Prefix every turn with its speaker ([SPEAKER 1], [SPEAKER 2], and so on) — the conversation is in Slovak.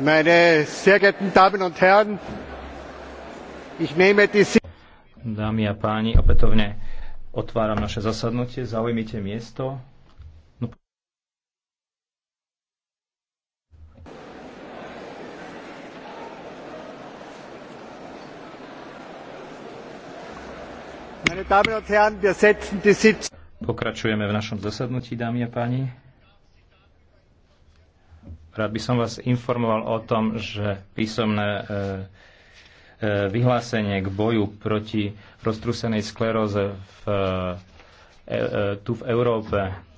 [SPEAKER 1] Meine sehr geehrten Damen und Herren, ich nehme die...
[SPEAKER 2] Dámy a páni, opätovne otváram naše zasadnutie. Zaujmite
[SPEAKER 3] miesto. No.
[SPEAKER 4] Meine Damen und Herren, wir setzen die Sitzung.
[SPEAKER 2] Pokračujeme v našom zasadnutí, dámy a páni. Rád by som vás informoval o tom, že písomné e, e, vyhlásenie k boju proti roztrusenej skleróze v, e, tu v
[SPEAKER 5] Európe